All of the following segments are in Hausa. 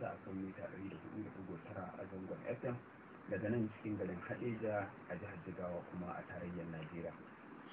sa a kan mita 104.9 a zangon fm daga nan cikin garin hadeja a jihar jigawa kuma a tarayyar najeriya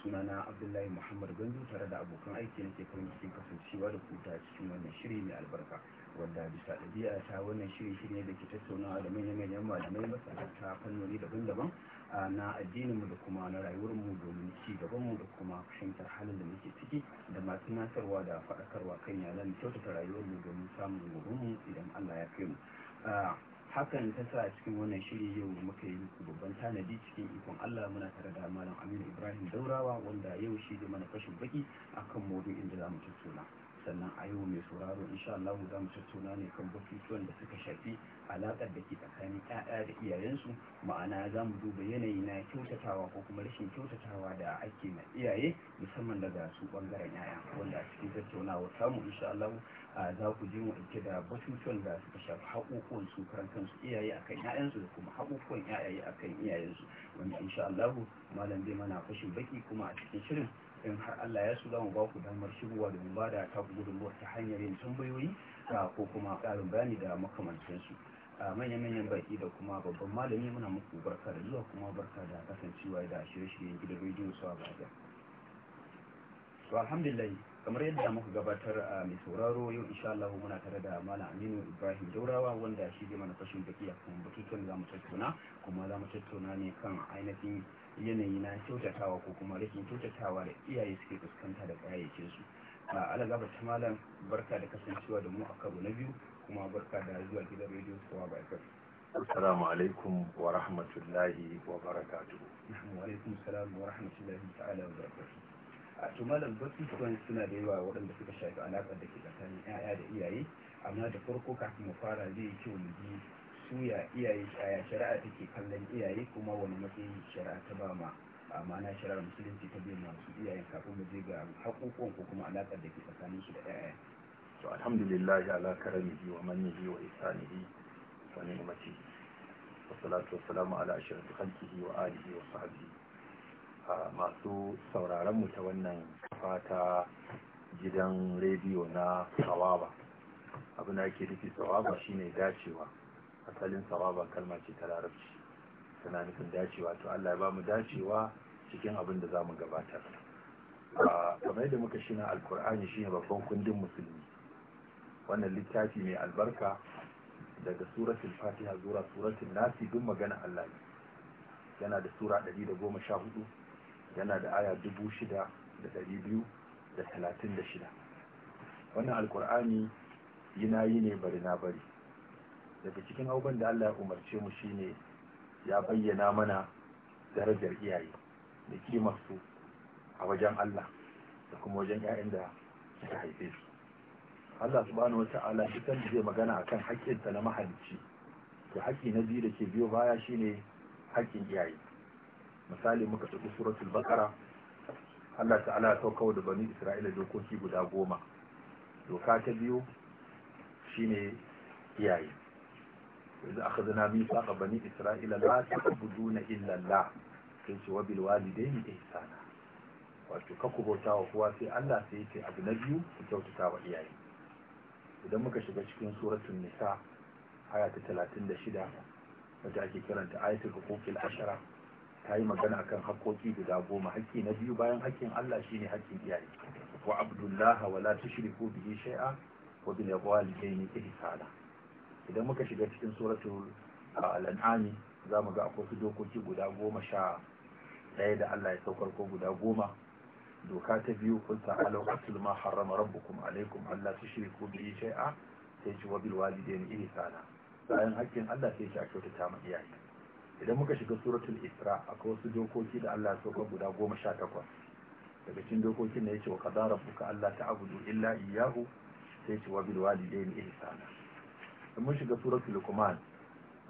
sunana abdullahi muhammad gandu tare da abokan aiki nake farin cikin kasancewa da kuta cikin wannan shiri mai albarka wanda bisa ɗabi'a ta wannan shiri shiri ne da ke tattaunawa da manyan manyan malamai masana ta fannoni daban-daban na addininmu da kuma na rayuwarmu domin ci gabanmu da kuma fahimtar halin da muke ciki da masu nasarwa da faɗakarwa kan yalan kyautata rayuwarmu domin samun mu idan Allah ya kaimu, mu hakan ta sa cikin wannan shiri yau muka yi muku babban tanadi cikin ikon Allah muna tare da malam Aminu Ibrahim Daurawa wanda yau shi da mana fashin baki akan maudu'in da za mu tattauna. sannan a yau mai sauraro insha Allah za mu tattauna ne kan batutuwan da suka shafi alaƙar da ke tsakanin ƴaƴa da iyayensu ma'ana za mu duba yanayi na kyautatawa ko kuma rashin kyautatawa da ake na iyaye musamman daga su ɓangaren ƴaƴa wanda a cikin tattaunawa samu insha Allah za ku ji mu ɗauke da batutuwan da suka shafi haƙoƙuwan su karan kansu iyaye akan ƴaƴansu da kuma haƙoƙuwan ƴaƴaye akan iyayensu wanda insha Allah malam zai mana fashin baki kuma a cikin shirin in har Allah ya su zamu ba ku damar shigowa da ba da ta gudunmuwa ta hanyar yin tambayoyi ko kuma ƙarin bayani da makamancinsu manya-manyan baki da kuma babban malami muna muku barka da zuwa kuma barka da kasancewa da shirye-shiryen gidan rediyo su a baya to alhamdulillah kamar yadda muka gabatar a mai sauraro yau insha Allah muna tare da Malam Aminu Ibrahim Daurawa wanda shi ne mana fashin baki a kan mu zamu tattauna kuma zamu tattauna ne kan ainihin yanayi na kyautatawa ko kuma rikin kyautatawa da iyaye suke fuskanta da kayayyakin su a alagaba ta malam barka da kasancewa da mu a karo na biyu kuma barka da zuwa gidan rediyo kowa ba ya assalamu alaikum wa rahmatullahi wa barakatuhu wa alaikum salam wa rahmatullahi ta'ala wa barakatuhu a to malam batutuwan suna da yawa waɗanda suka shafi alaƙar da ke tsakanin 'ya'ya da iyaye amma da farko kafin mu fara zai yi kyau mu ji suya iyaye ya shari'a take kallon iyaye kuma wani matsayin shari'a ta ba ma ma'ana shari'ar musulunci ta biyu masu iyaye kafin mu je ga haƙoƙon ko kuma alaƙar da ke tsakanin su da iyayen to alhamdulillah ala biyu wa ni wa Wani wa ni'matihi wa salatu wa salamu ala kan khalqihi wa alihi wa sahbihi ah, masu sauraron mu ta wannan kafa ta gidan rediyo na sawaba abin na ake nufi sawaba shine dacewa asalin saraba kalma ce ta larabci tana nufin dacewa to Allah ya ba mu dacewa cikin abin da za mu gabatar kamar yadda muka shi na alkur'ani shi ne babban kundin musulmi wannan littafi mai albarka daga suratul fatiha zuwa suratul nasi duk magana Allah ne yana da sura 114 yana da aya 6236 wannan alkur'ani yana yi ne bari na bari daga cikin abubuwan da Allah ya umarce mu shine ya bayyana mana darajar iyaye da kimar su a wajen Allah da kuma wajen 'ya'yan da suka haife su Allah subhanahu wata'ala shi kan zai magana akan ta na mahalicci to haƙƙi na biyu da ke biyo baya shine haƙƙin iyaye misali muka tafi suratul baqara Allah ta'ala ya kawo da bani Isra'ila dokoki guda goma doka ta biyu shine iyaye وإذا أخذنا ميثاق بني إسرائيل لا تعبدون إلا الله sai ce wabil wato ka kubota wa kowa sai Allah sai yake abu na biyu ku kyautata wa iyaye idan muka shiga cikin suratul nisa aya ta 36 wata ake kiranta ayatul huquqil ashara ta yi magana akan haƙoƙi guda goma haƙƙi na biyu bayan haƙƙin Allah shine haƙƙin iyaye wa abdullahi wa la tushriku bihi shay'a wa bil walidaini ihsana idan muka shiga cikin suratul al'an'ami za mu ga akwai dokoki guda goma sha ɗaya da Allah ya saukar ko guda goma doka ta biyu kun alau atul ma harrama rabbukum alaikum Allah su shiri ko bi shay'a sai ci wa ni walidaini ihsana bayan hakkin Allah sai ci a ta ma iyaye idan muka shiga suratul isra akwai wasu dokoki da Allah ya saukar guda goma sha takwas daga cikin dokokin ne ya ce wa qadara rabbuka Allah ta'budu illa iyyahu sai ci wa ni walidaini ihsana da mun shiga suratul luqman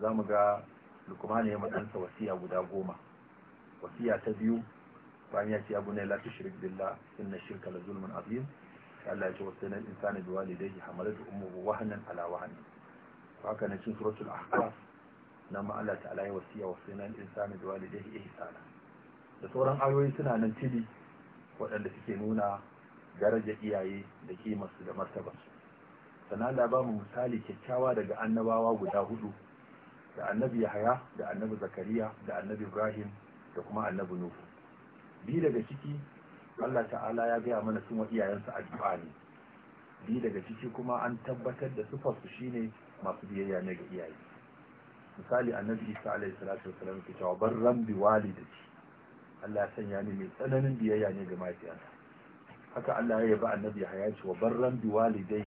za mu ga luqman ya matsansa wasiya guda goma wasiya ta biyu bayan ya ce abu ne la tushrik billah inna shirka la zulmun azim Allah ya ce wasu nan insani da walidai hamalatu ummuhu wahanan ala wahanin haka na cin suratul ahqaf na Allah ta alayhi wasiya wasu nan insani da walidai ihsana da sauran ayoyi suna nan tili waɗanda suke nuna daraja iyaye da kimarsu da martabarsu sannan da ba mu misali kyakkyawa daga annabawa guda hudu da annabi Yahaya da annabi Zakariya da annabi Ibrahim da kuma annabi Nuhu bi daga ciki Allah ta'ala ya gaya mana sun wa iyayensa addu'a ne bi daga ciki kuma an tabbatar da sufar su shine masu biyayya ne ga iyaye misali annabi Isa alaihi salatu wasallam ke cewa barran bi walidati Allah ya sanya ni mai tsananin biyayya ne ga mahaifiyarsa haka Allah ya yaba annabi Yahaya cewa barran bi walidai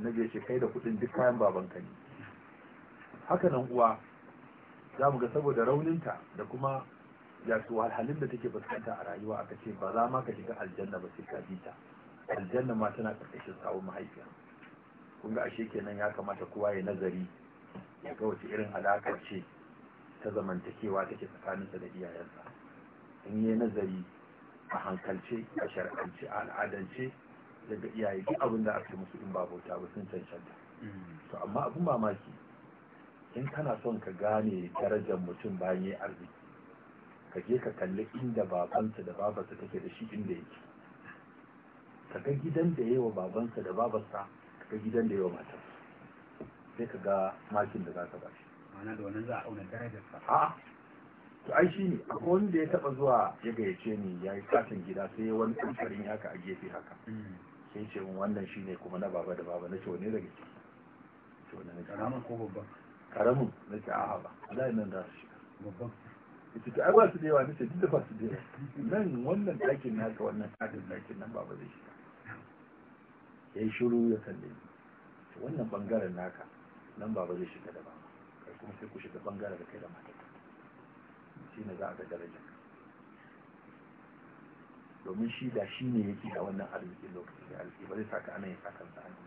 annabi ya ce kai da kudin duk kayan babanka ne haka nan uwa za mu ga saboda rauninta da kuma ya su da take fuskanta a rayuwa aka ce ba za ma ka shiga aljanna ba sai ka bi ta aljanna ma tana karkashin sawun mahaifiya kun ga ashe kenan ya kamata kowa ya nazari ya ga wace irin alaƙar ce ta zamantakewa take tsakaninsa da iyayensa in yi nazari a hankalce a shari'ance a al'adance daga iyaye duk abin da aka musu in ba bauta ba sun cancanta to amma abin mamaki in kana son ka gane darajar mutum bayan yi arziki ka je ka kalli inda babansa da babarsa take da shi inda yake ka ga gidan da yawa babansa da babarsa ka ga gidan da yawa matarsa sai ka ga makin da za ka bashi ma'ana da wannan za a auna darajarsa a to ai shi ne akwai wanda ya taba zuwa ya gayyace ni ya yi katin gida sai wani kankarin haka a gefe haka hmm. sai ce mun wannan shine kuma na baba da baba na ce wani daga ciki ce na karamin ko babban karamin na ce a'a ba wallahi nan za su shiga babban ita ta ba su da yawa nace duk da ba su da yawa nan wannan ɗakin naka wannan ɗakin ɗakin nan baba zai shiga ya yi shiru ya kalle ni wannan bangaren naka nan baba zai shiga da ba kai kuma sai ku shiga bangaren da kai da matar shi ne za a ga darajar domin shi da shi ne yake da wannan arziki lokacin da alfi ba zai saka anan ya saka sa anan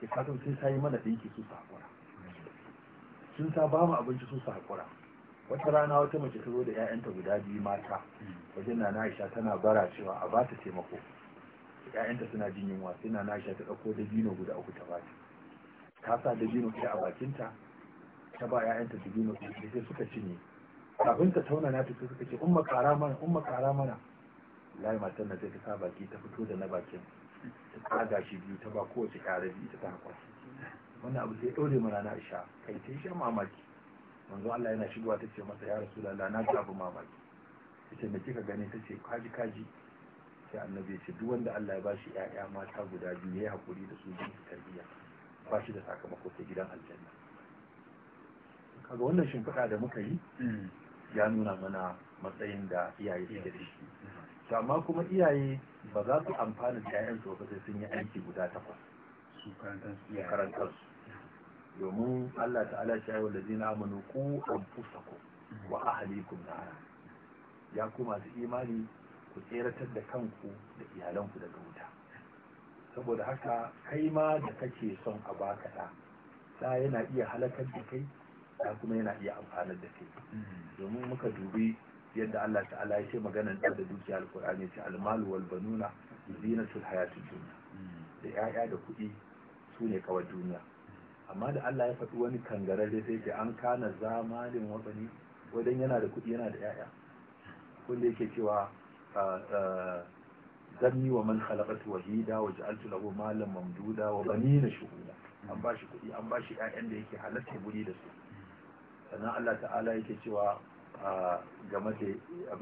ke fatan sai sa yi mana yake su haƙura. sun sa ba mu abinci su haƙura. wata rana wata mace ta zo da 'ya'yanta guda biyu mata wajen na Aisha tana bara cewa a ba ta taimako 'ya'yanta suna jin yunwa sai na Aisha ta ɗauko dabino guda uku ta bata ta sa dabino ɗaya a bakinta ta ba 'ya'yanta dabino ɗaya sai suka cinye kafin ta tauna na ta suka ce umma kara mana umma kara mana lai matar na zai ta baki ta fito da na bakin ta tsaga shi biyu ta ba kowace ƙara biyu ta ta haƙwa wannan abu sai ɗaure mana na isha kai ta shan mamaki Wanzu Allah yana shigowa ta ce masa ya rasu lalla na ga abu mamaki ta ce mai kika gani ta ce kaji kaji sai annabi ya ce duk wanda Allah ya bashi 'ya'ya mata guda biyu ya hakuri da su jin tarbiyya ba shi da sakamako ta gidan aljanna kaga wannan shimfiɗa da muka yi mm. ya nuna mana matsayin da iyaye suke da shi mm. amma kuma iyaye ba za su amfana da 'ya'yansu ba sai sun yi aiki guda takwas su karanta su domin Allah ta'ala shi wa ladina amanu ku anfusaku wa ahlikum nara ya ku masu imani ku tseratar da kanku da iyalanku daga wuta saboda haka kai ma da kake son a baka da da yana iya halakar da kai da kuma yana iya amfanar da kai mm-hmm. domin muka dubi yadda Allah ta'ala ya ce maganan da da dukiya alkur'ani ya ce almalu wal banuna zinatul hayatid dunya hmm. da yaya da kuɗi su ne kawai duniya amma da Allah ya faɗi wani kangararre sai ce an kana zamanin wani wajen yana da kuɗi yana da yaya kun da yake cewa zanni wa man khalaqatu wahida wa ja'altu lahu malan mamduda wa banina shuhuda an bashi kuɗi an bashi yayan da yake halatta guri da su hmm. sannan Allah ta'ala yake cewa game da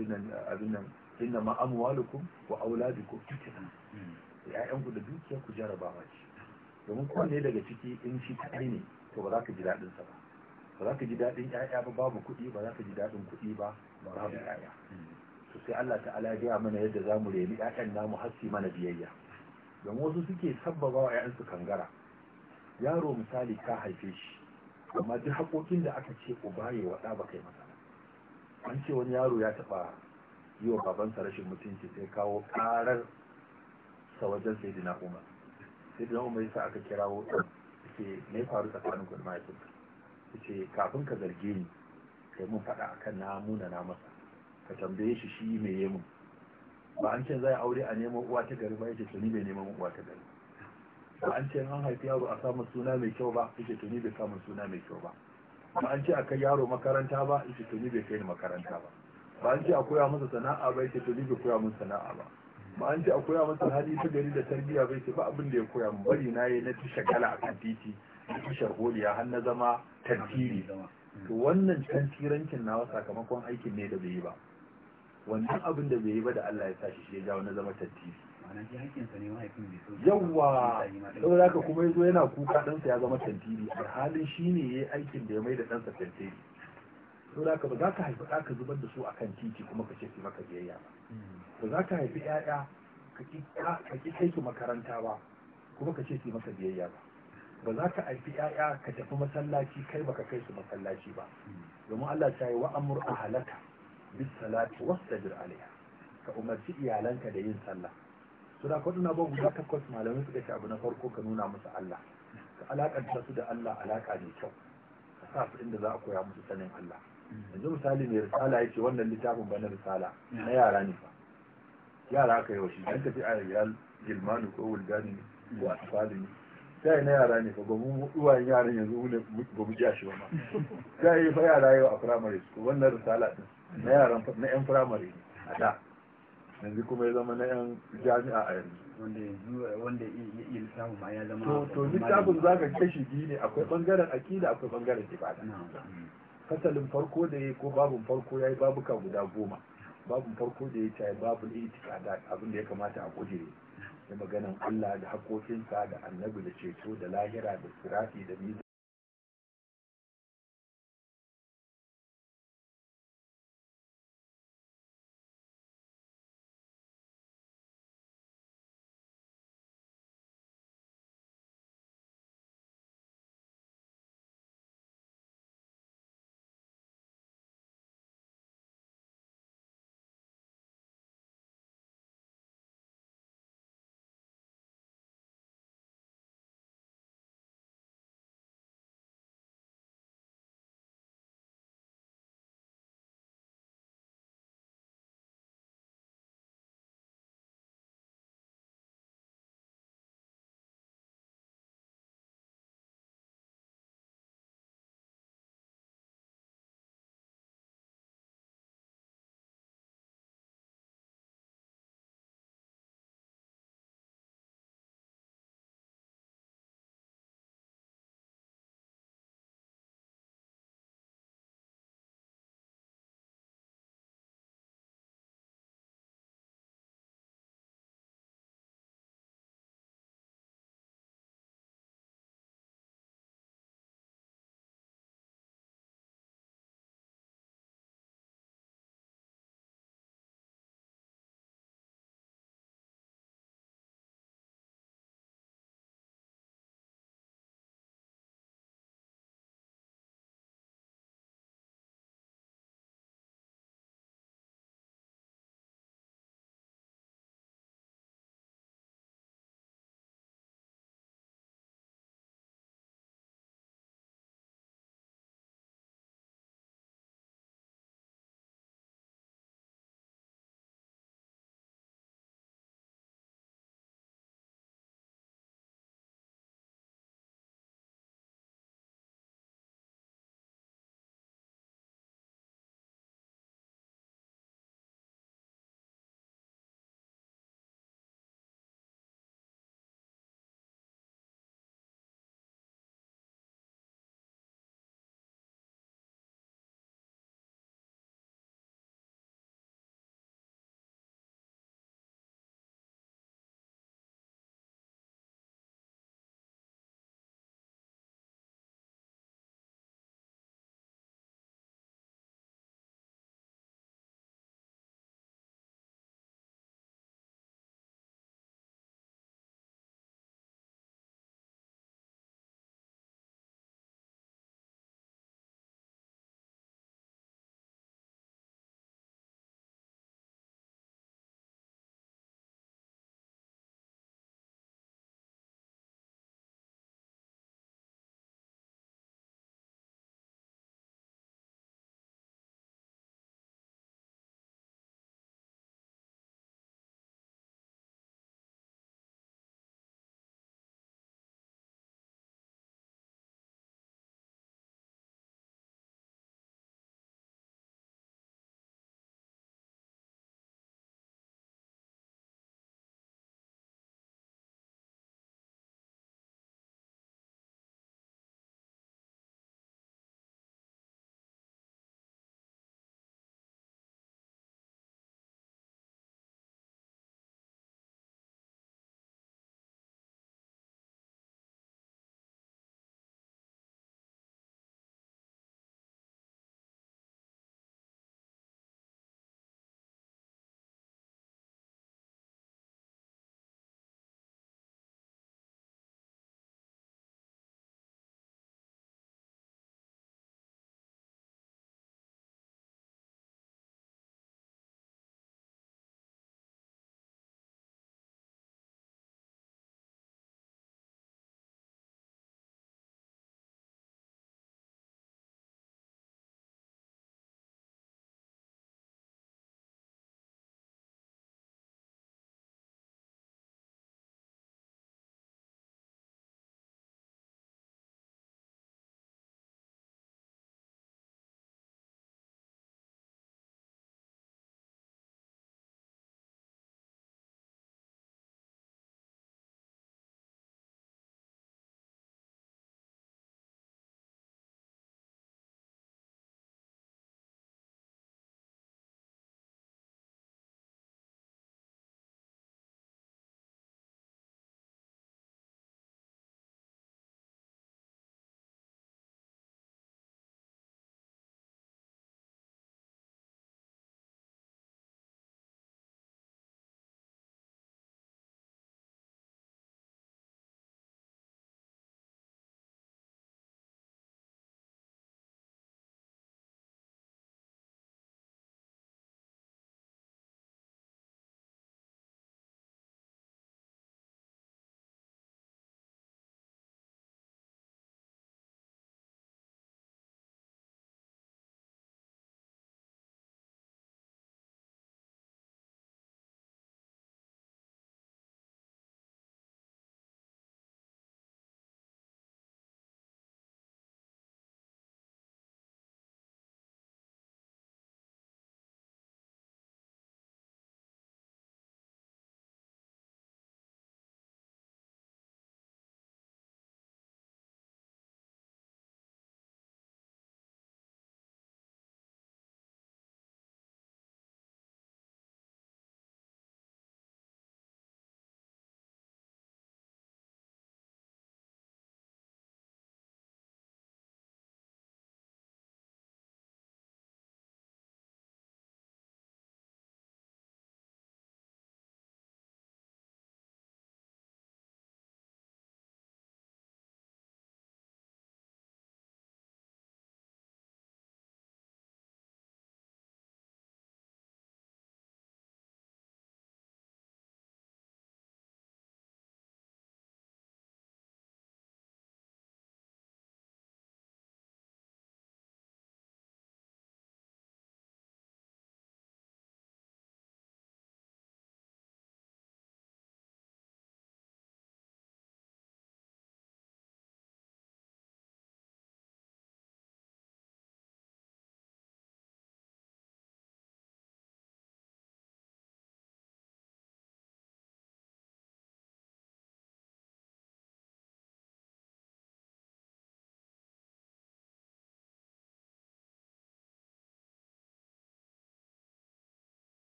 abin nan inna ma amwalukum wa auladukum fitna hmm. ya'yan ku da dukiya ku jarabawa ce domin ne daga ciki in shi kadai ne to ba za ka ji daɗinsa sa ba ba za ka ji daɗin ƴaƴa ba babu kuɗi ba za ka ji daɗin kuɗi ba babu ƴaƴa hmm. to sai Allah ta'ala ya gaya mana yadda zamu reni Ya'yan namu hassi mana biyayya don wasu suke sabbaba wa su kangara yaro misali ka haife shi amma duk haƙoƙin da aka ce uba ya waɗa ba kai masa an ce wani yaro ya taɓa yi wa babansa rashin mutunci sai kawo ƙarar sa wajen sai dina umar sai dina umar yasa aka kirawo ɗan ce me faru tsakanin ku da mahaifinka ce kafin ka zarge ni kai mun faɗa akan na muna na masa ka tambaye shi shi me ya mun ba an ce zai aure a neman uwa ta gari ba ya ce tuni bai neman uwa ta gari ba an ce an haifi yaro a samun suna mai kyau ba ya ce tuni bai samun suna mai kyau ba ba an ce a kai yaro makaranta ba ita tuni bai kai ni makaranta ba ba an ce a koya masa sana'a ba ita tuni bai koya masa sana'a ba ba an ce a koya masa hali ta gari da tarbiyya bai ce, ba abin da ya koya min bari na yi na ci kala a kan titi na ci sharholiya har na zama tantiri to wannan tantirancin nawa sakamakon aikin ne da bai yi ba wannan abin da bai yi ba da Allah ya sa shi ya jawo na zama tantiri yawwa da aka kuma yazo yana kuka ɗansa ya zama tantiri halin shi ne ya yi aikin da ya mai da ɗansa tantiri da aka ba za ka haifi ɗa ka zubar da su a kan titi kuma ka ce maka biyayya ba hmm. ba za ka haifi ‘ya'ya ka ƙi kai su makaranta ba kuma ka ce maka biyayya ba ba za ka haifi ‘ya'ya ka tafi masallaci kai ba ka kai su masallaci ba hmm. domin Allah ta yi wa'amur a halaka bisalati wasu da alaiha ka umarci iyalanka da yin sallah su da kwaduna ba guda takwas malamai suka ce abu na farko ka nuna musu Allah ka alaƙanta su da Allah alaƙa ne kyau ka sa su inda za a koya musu sanin Allah yanzu misali mai risala ya ce wannan littafin ba na risala na yara ne fa yara aka yi wa yanka an tafi a riyal gilmanu ko wulgani ne ko asfali ne sai na yara ne fa ba mu uwayen yaran yanzu ne ba mu ja shi ba ma sai fa yara yau a firamare su wannan risala na yaran na yan firamare ne a da yanzu kuma ya zama na yan jami'a a yanzu wanda ya littafin ma ya zama to littafin za ka kashi biyu ne akwai bangaren akida akwai bangaren ibada fasalin farko da ya ko babun farko ya yi babuka guda goma babun farko da ya ta yi itika da abin da ya kamata a kujere da maganan Allah da haƙoƙinsa da annabi da ceto da lahira da sirafi da miza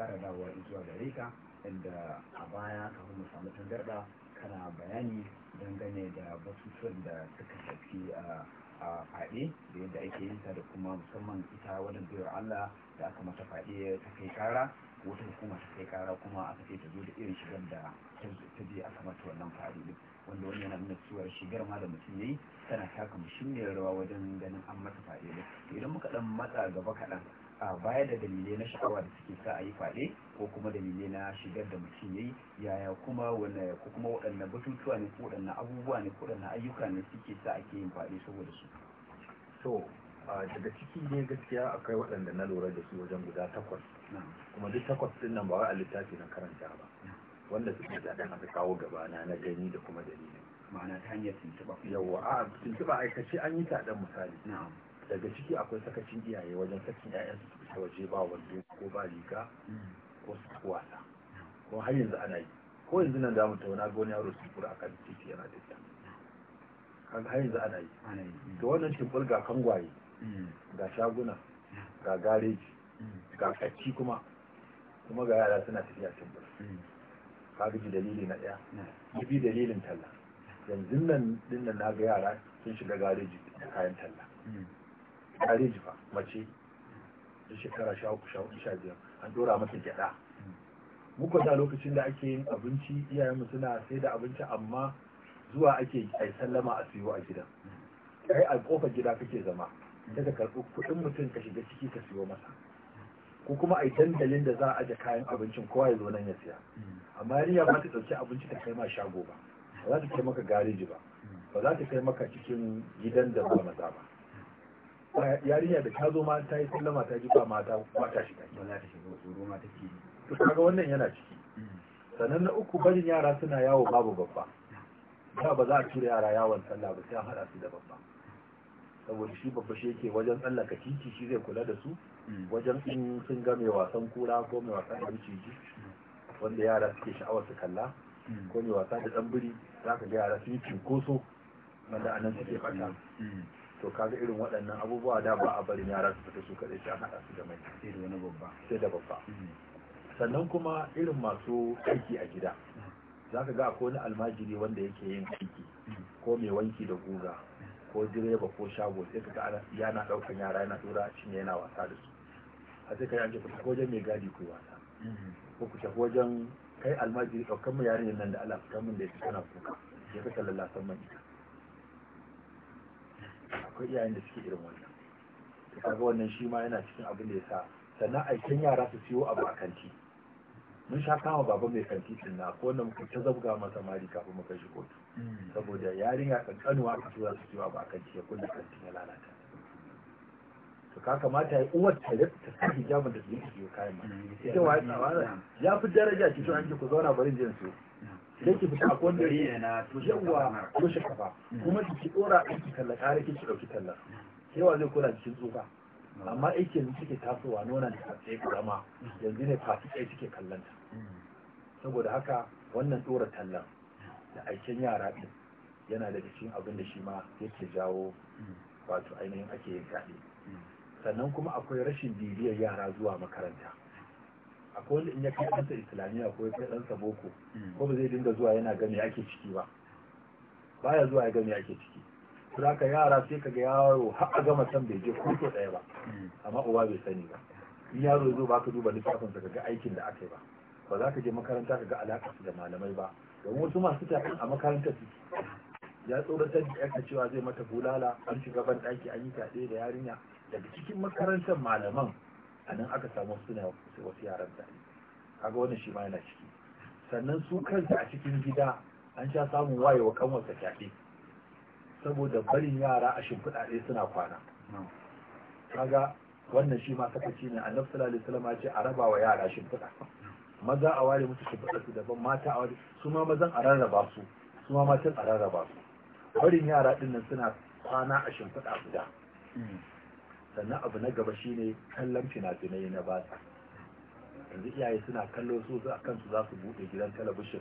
kara dawowa zuwa gare ka inda a baya kafin mu samu tangarɗa kana bayani dangane da batutuwan da suka shafi a faɗe da yadda ake yin ta da kuma musamman ita wadda biyar Allah da aka mata faɗe ta kai kara wata hukuma ta kai kara kuma aka ce ta zo da irin shigar da ta je aka mata wannan faɗe din wanda wani yana nuna cewa shigar ma da mutum yi tana taka muhimmiyar rawa wajen ganin an mata faɗe din idan muka ɗan matsa gaba kaɗan a baya da dalilai na sha'awa da suke sa a yi fade ko kuma dalilai na shigar da mutum yi yaya kuma wanda ko kuma waɗannan batutuwa ne ko waɗannan abubuwa ne ko waɗannan ayyuka ne suke sa ake yin fade saboda su to daga ciki ne gaskiya akwai waɗanda na lura da su wajen guda takwas kuma duk takwas din nan ba wai a littafi na karanta ba wanda suke da dan aka kawo gaba na na gani da kuma dalilin ma'ana ta hanyar tuntuɓa yawa a tuntuɓa aikace an yi ta dan misali daga ciki akwai sakacin iyaye wajen sakin ya'yan su ta waje ba wando ko ba riga ko wasa ko har yanzu ana yi ko yanzu nan za mu tauna gona yaro su kura kan titi yana da tafiya kaga har yanzu ana yi to wannan shimfir ga kangwaye mm. ga shaguna ga gareji mm. ga kacci kuma kuma ga yara suna tafiya shimfir mm. kaga ji dalili na ɗaya ji dalilin talla yanzu nan dinnan na ga yara sun shiga gareji da kayan talla gareji fa mace da shekara sha uku sha sha biyar an dora mata gyada muku da lokacin da ake yin abinci iyayenmu suna sai da abinci amma zuwa ake ai sallama a siyo a gidan kai a kofar gida kake zama sai ka karɓi kuɗin mutum ka shiga ciki ka siyo masa ko kuma ai dandalin da za a aje kayan abincin kowa ya zo nan ya siya amma yarinya ba ta ɗauki abinci ta kai ma shago ba ba za ta kai maka gareji ba ba za ta kai maka cikin gidan da ba maza ba yarinya da ta zo mata yi sallama ta ji ba mata ba ta shiga ba za ta shiga tsoro to kaga wannan yana ciki sannan na uku barin yara suna yawo babu babba da ba za a tura yara yawon sallah ba sai an hada su da babba saboda shi babba shi yake wajen tsallaka titi shi zai kula da su mm. wajen in sun ga mai wasan kura ko mai wasan da ji wanda yara suke sha'awar su kalla mm. ko mai wasa da dan biri za ka ga yara sun yi cinkoso wanda anan suke fata mm. to kaga irin waɗannan abubuwa da ba a barin yara su fita su kaɗai sai an haɗa su da mai sai da babba mm. sannan kuma irin masu aiki a gida mm. za ka ga akwai wani almajiri wanda yake yin aiki mm. ko mai wanki da guga ko direba ko shago sai ka ga yana ɗaukan yara yana tura cikin yana wasa da su a sai ka yi an ku ko wajen mai gadi ku yi wasa ko ku tafi wajen kai almajiri ɗaukan mu yarin nan da Allah fitan mun da ya kana kuka ya ka sallallasan man ita akwai iyayen da suke irin wannan to kaga wannan shi ma yana cikin abin da ya sa sannan aikin yara su siyo abu a kanti mun sha kama baba mai kanti din na ko wannan mutum ta zabga masa mari kafin mu shi kotu hmm. saboda yarinya kankanuwa aka tura su siyo abu a kanti ya kunna kanti ya lalata to ka kamata ya uwar ta ta sa hijabin da su yi kayan ma hmm, ita wa ya fi daraja ki so an ki ku zauna bari jin su sai ki fita akwai wanda ya na yawa toshe kafa kuma ki dora aiki talla kare ki dauki talla yawa zai kula cikin tsufa amma aikin da suke tasowa nona da tsaye kurama yanzu ne fasi kai suke kallon saboda haka wannan dora tallan da aikin yara din yana da cikin abin da shi ma yake jawo wato ainihin ake yin sannan kuma akwai rashin bibiyar yara zuwa makaranta akwai wanda in ya kai ɗansa islamiyya ko ya kai ɗansa boko mm. ko ba zai dinga zuwa yana ga ake ciki ba baya zuwa ya ga ake ciki za ka yara sai ka ga yaro har a gama can bai je ko ɗaya ba mm. amma uba bai sani ba in yaro zo ba ka duba littafin ka ga aikin da aka yi ba ba za ka je makaranta ka ga alaƙa da malamai ba domin wasu masu tafi a makarantar su ya tsoratar da yanka cewa zai mata bulala an shiga ban ɗaki an yi fyaɗe da yarinya daga cikin makarantar malaman a nan aka samu suna wasu yaran zane kaga wannan shi ma yana ciki sannan su kansu a cikin gida an sha samun wayewa kanwarsa fyaɗe saboda barin yara a shimfiɗaɗe suna kwana kaga wannan shi ma sakaci ne annabi sallallahu alaihi wasallam ya ce a raba wa yara shimfiɗa maza a ware musu shimfiɗa su daban mata a ware su ma mazan a rarraba su su ma matan a rarraba su barin yara ɗin nan suna kwana a shimfiɗa guda sannan abu na gaba shine kallon fina-finai na batsa yanzu iyaye suna kallo su a kansu za su buɗe gidan talabishin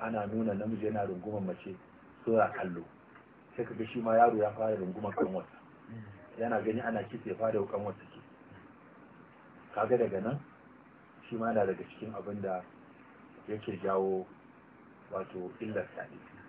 ana nuna namiji yana rungumar mace so ya kallo sai ka shi ma yaro ya fara rungumar kan wata yana gani ana kitse fara kan wata ke kaga daga nan shi ma yana daga cikin abin da yake jawo wato illar sa'i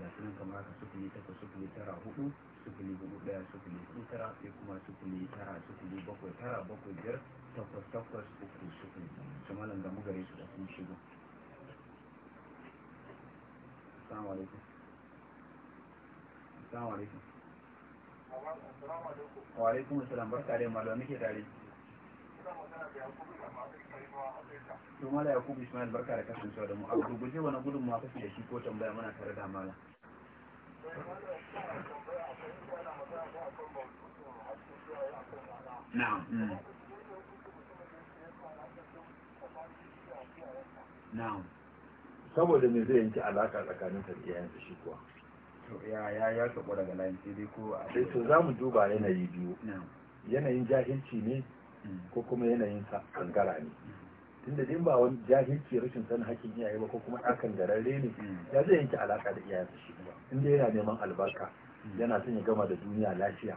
ga sunan kamar haka sufuli takwas sufuli tara hudu sufuli hudu daya sufuli hudu tara sai kuma sufuli tara sufuli bakwai tara bakwai biyar takwas takwas uku sufuli su malam da mu gare su da sun shigo assalamu alaikum assalamu alaikum wa alaikum assalam barka da malam muke tare To mala ya kubu ismail barka da kasan da mu a gurguje wani gudun ma kake da shi ko tambaya muna tare da mala na'am mm. na'am saboda me zai yanke alaka tsakanin tarbiyyar da shi kuwa ya ya ya sabo daga layin sai dai ko a sai eh, to zamu duba yanayi biyu yanayin jahilci ne Mm. ko kuma yanayin sa kangara ne tunda din ba wani jahilci rashin sanin hakkin iyaye ba ko kuma akan gararre ne mm. ya zai yanke alaka da iyayensa shi ba inda yana neman albarka mm. yana son ya gama da duniya lafiya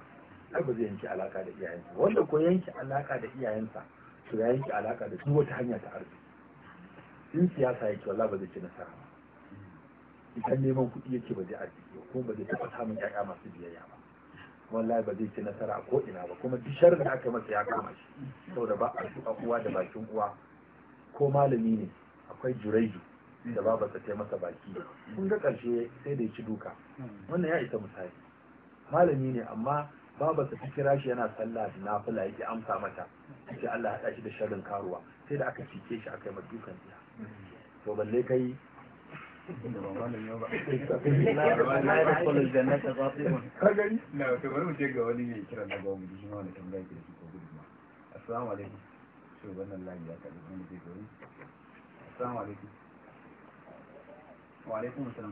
ai ba zai yanke alaka da iyayensa wanda ko yanke alaka da iyayensa to ya yanke alaka da duk wata hanya ta arziki in siyasa yake wallahi ba zai ci nasara ba idan neman kuɗi yake ba zai arziki ko ba zai taɓa samun ƴaƴa masu biyayya ba wallahi ba zai ci nasara ko ina ba kuma dishar da aka masa ya kama shi saboda ba a uwa da bakin uwa ko malami ne akwai juraiju da baba ta ce masa baki kun ga karshe sai da ya ci duka wannan ya isa misali malami ne amma baba ta kira shi yana sallah da nafila yake amsa mata sai Allah ya haɗa shi da sharrin karuwa sai da aka cike shi aka yi dukan jiya to balle kai kagari na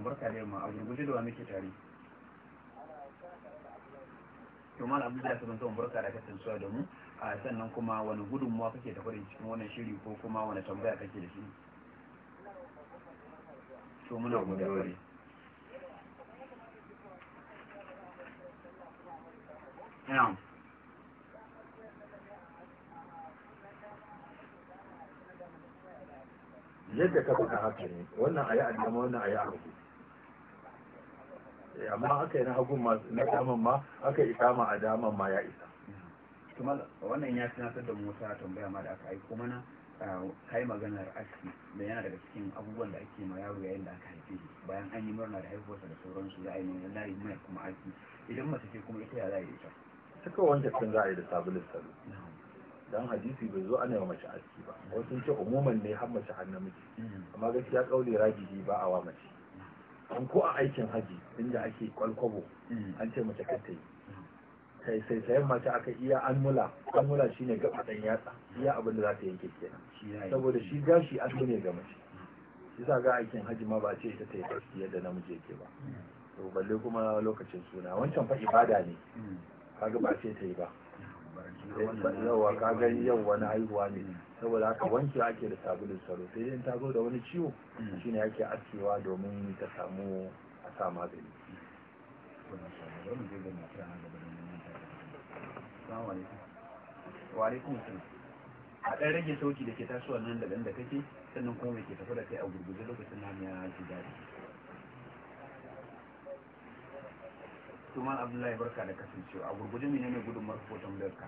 barka da yamma a gurguje da wani ke tare to mal abdullahi sun zama barka da kasancewa da mu a sannan kuma wani gudunmuwa kake da farin cikin wannan shiri ko kuma wani tambaya kake da shi to muna gode yadda ka faɗa haka ne wannan a yi addama wannan a yi hagu eh, amma aka yi na hagun na daman ma aka yi kama a daman ma ya isa wannan ya nasar da mota tambaya ma da aka kuma na kai maganar aski da yana daga cikin abubuwan da ake ma yaro yayin da aka haife shi bayan an yi murna da haihuwarsa da sauransu za a yi mai layi mai kuma aski idan mace ce kuma ita ya za a ita suka wanke kan za a yi da sabulun salo dan hadisi bai zo ana yi mace aski ba wasu ce umuman ne har mace har namiji mm. amma gaskiya kaule rajihi ba a wa mace an ko a aikin haji inda ake kwalkwabo mm. an ce mace kar yi kai sai sayan mata aka iya anmula anmula shine gaba dan yatsa iya abin da za ta yanke kenan saboda shi gashi an ne ga mace shi sa ga aikin haji ma ba ce ita ta yi gaskiya da namiji yake ba to balle kuma lokacin suna wancan fa ibada ne kaga ba ce ta yi ba yawa ka gani yau wani haihuwa ne saboda haka wanke ake da sabulun saro sai dai ta zo da wani ciwo shine ake askewa domin ta samu a sa magani A ɗan rage sauki da ke tasowa nan da ɗan da kake sannan kuma mai ke tafi da kai a gurguje lokacin na ya ji daɗi. Tumal Abdullahi barka da kasancewa a gurguje mai mai gudun marfoton barka. ka.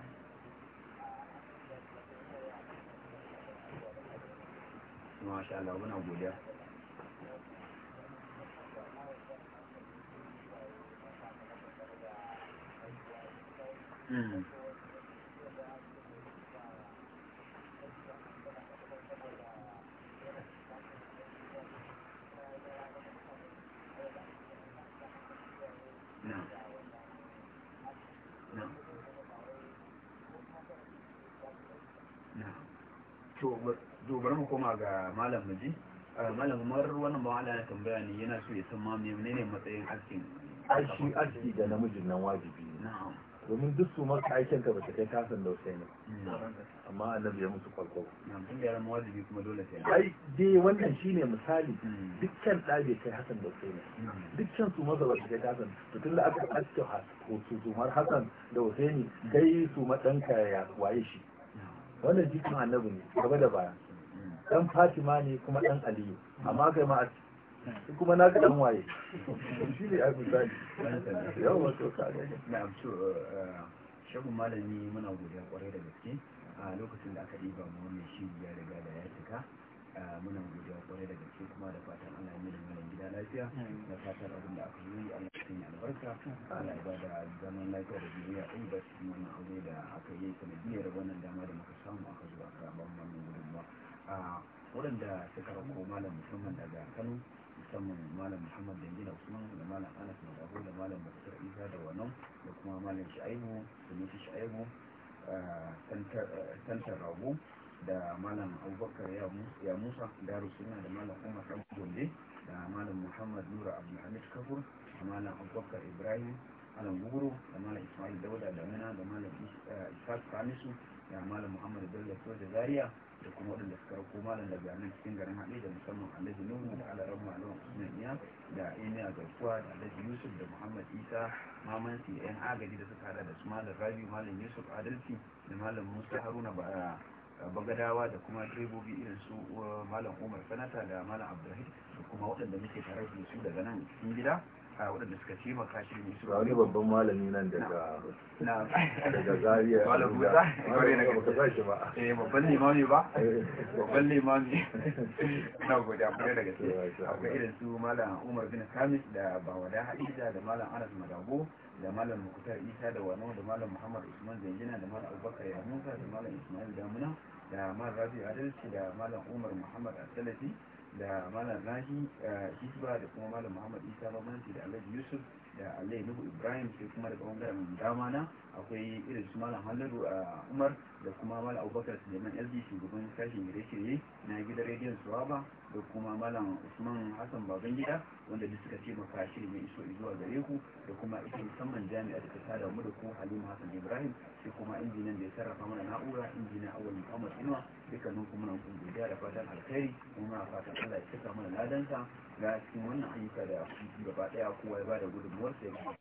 Masha Allah, muna godiya. Mm. malam maji eh, malam mar wannan ba ya tambaya ne yana so ya san ma menene matsayin askin aski aski da namijin nan wajibi ne domin duk su maka aikin ka bata kai kasan da wasai ne amma annabi ya musu kwalkwal nan da ran wajibi kuma dole sai ai de wannan shine misali hmm. dukkan da bai kai hasan da wasai ne dukkan su maza bata kai kasan to tunda aka aske ko su su har hasan da wasai ne hmm. kai su madanka ya waye shi wannan jikin annabi ne gaba da bayan. dan fatima ne kuma dan aliyu amma kai ma kuma na dan waye shi ne abu zai yau wato kare na amsu eh, shagun malami muna godiya kwarai da gaske a lokacin da aka ɗiba mu wannan shi ya riga da ya cika eh, muna godiya kwarai da gaske kuma da fatan Allah ya nuna mana gida lafiya da fatan abin da aka yi Allah ya sanya albarka Allah ya ba zaman lafiya da duniya ɗin da cikin wannan aure da aka yi sanadiyar wannan dama da muka samu aka zuwa aka ban wannan a waɗanda suka rako malam musamman daga kano musamman malam muhammad dangina usman da malam anas madabu da malam bakar isa da wannan da kuma malam sha'ibu da nufi sha'ibu santar rago da malam abubakar ya musa daru suna da malam umar abu gombe da malam muhammad nura abdulhamid kafur da malam abubakar ibrahim malam guguru da malam ismail dauda damina da malam ishaq salisu da malam muhammad bello da zaria da kuma waɗanda suka rako malam da nan cikin garin haɗe da musamman alhaji nuhu da alaran malam usman iya da emir garkuwa da alhaji yusuf da muhammad isa mamansi yan agaji da suka hada da su malam rabi malam yusuf adalci da malam musa haruna bagadawa da kuma direbobi irin su uh, malam umar sanata da malam Abdullahi. da kuma waɗanda muke tare da su daga nan cikin gida a waɗanda suka ce maka shi ne su wani babban malami nan daga daga zariya wala buza kware na gaba ba shi ba eh babban limami ba babban limami na goda kware daga gaske akwai irin su malam Umar bin Kamis da Bawada Hadiza da malam Anas Madago da malam Mukhtar Isa da Wano da malam Muhammad Usman Zanjina da malam Abubakar Yamusa da malam Ismail Damuna da malam Rabi Adalci da malam Umar Muhammad Asalafi da malam nahi hisba eh, da kuma malam muhammad isa babanci da alhaji yusuf da alhaji nuhu ibrahim sai kuma da bangaren dama na akwai irin su malam halaru a umar da kuma malam abubakar suleiman sd shugaban sashen gire shirye na gida rediyon suwaba da kuma malam usman hassan gida wanda duk suka taimaka shirin mai iso zuwa gare ku da kuma ita musamman jami'a da ta sada mu da ku halima hassan ibrahim sai kuma injinan da ya sarrafa mana na'ura injinan awal muhammad inuwa dukkanin kuma nan kun godiya da fatan alkhairi kuma muna fatan allah ya cika mana ladansa ga cikin wannan ayyuka da gaba daya kowa ya bada gudunmuwarsa ya